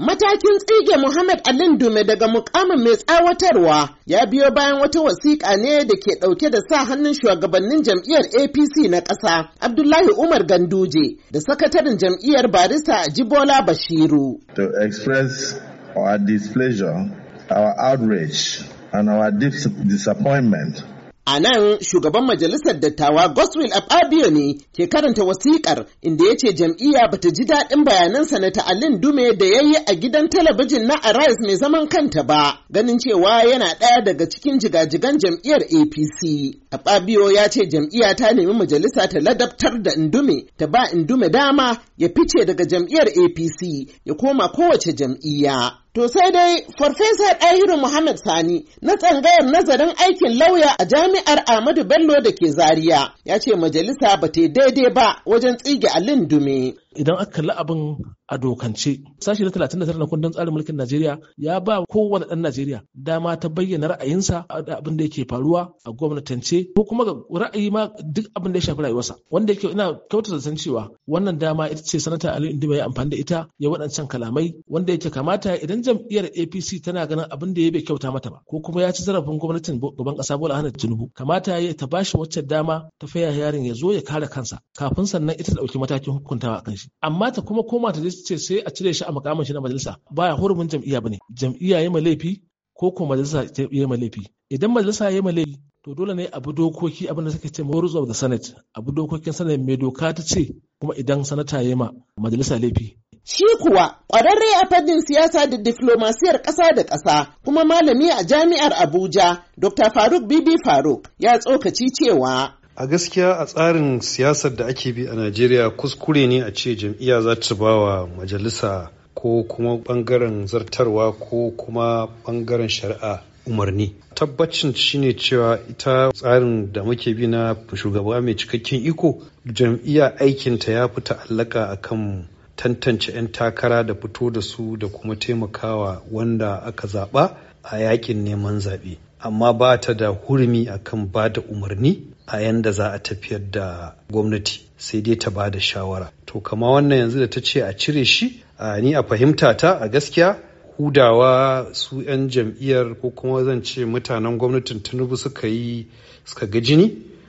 Matakin tsige Muhammad Alin Dume daga mukamin mai tsawatarwa ya biyo bayan wata wasiƙa ne da ke ɗauke da sa hannun shugabannin jam'iyyar APC na ƙasa Abdullahi Umar Ganduje da sakataren jam'iyyar Barista Jibola Bashiru. To express our displeasure, our outrage and our disappointment A nan shugaban majalisar dattawa Goswill Abadio ne ke karanta wasiƙar inda ya ce jam'iyya ta ji daɗin bayanan sanata Alin Dume da ya yi a gidan talabijin na Arise mai zaman kanta ba, ganin cewa yana ɗaya daga cikin jigajigan jam'iyyar APC. Abadio ya ce jam'iyya ta nemi majalisa ta ladabtar da Indume, ta ba Indume dama ya fice daga jam'iyyar APC ya koma kowace jam'iyya. To sai dai Farfesa Ɗahiru Muhammad Sani na tsangayar nazarin aikin lauya a jami'ar Ahmadu Bello da ke Zaria ya ce majalisa ba ta daidai ba wajen tsige alin dume. idan aka kalli abin a dokance sashi na 39 na kundin tsarin mulkin Najeriya ya ba kowane ɗan Najeriya dama ta bayyana ra'ayinsa a abin da yake faruwa a gwamnatance ko kuma ga ra'ayi ma duk abin da ya shafi rayuwarsa wanda yake ina kyautata san cewa wannan dama ita ce sanata Ali Indiba ya amfani da ita ya waɗancan kalamai wanda yake kamata idan jam'iyyar APC tana ganin abin da ya bai kyauta mata ba ko kuma ya ci zarafin gwamnatin gaban ƙasa Bola Ahmed Tinubu kamata ya ta bashi wacce dama ta faya yarin ya zo ya kare kansa kafin sannan ita ta ɗauki matakin hukuntawa a kan shi amma ta kuma koma ta ce sai a cire shi a makaman shi na majalisa baya hurumin jam'iyya bane jam'iyya ya laifi ko ko majalisa ya laifi idan majalisa ya laifi to dole ne abu dokoki abin da suke ce rules of the senate bi dokokin senate mai doka ta ce kuma idan sanata ya ma majalisa laifi Shi kuwa ƙwararre a fannin siyasa da diflomasiyar ƙasa da ƙasa kuma malami a jami'ar Abuja, Dr. Faruk Bibi Faruk ya tsokaci cewa a gaskiya a tsarin siyasar da ake bi a najeriya kuskure ne a ce jam'iyya za ta ba wa majalisa ko kuma bangaren zartarwa ko kuma bangaren shari'a umarni tabbacin shine cewa ita tsarin da muke bi na shugaba mai cikakken iko jam'iyya aikinta ya fi ta'allaka kan tantance 'yan takara da fito da su da kuma taimakawa wanda aka zaɓa a yakin neman zaɓe amma ba ta da hurumi akan ba da umarni a yanda za a tafiyar da gwamnati sai dai ta ba da shawara to kama wannan yanzu da ta ce a cire shi a ni a fahimta ta a gaskiya hudawa su 'yan jam'iyyar ko kuma zan ce mutanen gwamnatin tinubu suka yi suka ga jini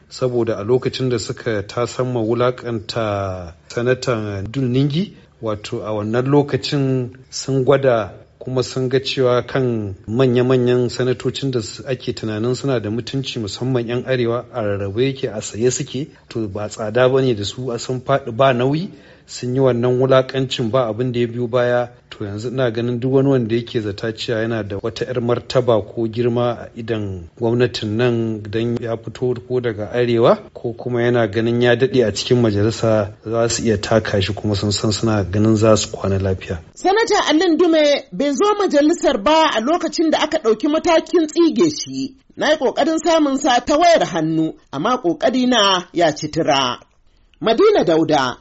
saboda a lokacin da suka tasamma wulakanta sanatan dulningi wato a wannan lokacin sun gwada kuma sun ga cewa kan manya-manyan sanatocin da ake tunanin suna da mutunci musamman 'yan arewa a rarrabe yake a saye suke to ba tsada ba ne da su a sun faɗi ba nauyi sun yi wannan wulakancin ba abin da ya biyo baya to yanzu ina ganin duk wani wanda yake zata cewa yana da wata 'yar martaba ko girma a idan gwamnatin nan don ya fito ko daga arewa ko kuma yana ganin ya daɗe a cikin majalisa za su iya taka shi kuma sun san suna ganin za su kwana lafiya. sanata allin dume bai zo majalisar ba a lokacin da aka ɗauki matakin tsige shi na yi ƙoƙarin samun sa ta wayar hannu amma ƙoƙari na ya ci tira. Madina Dauda,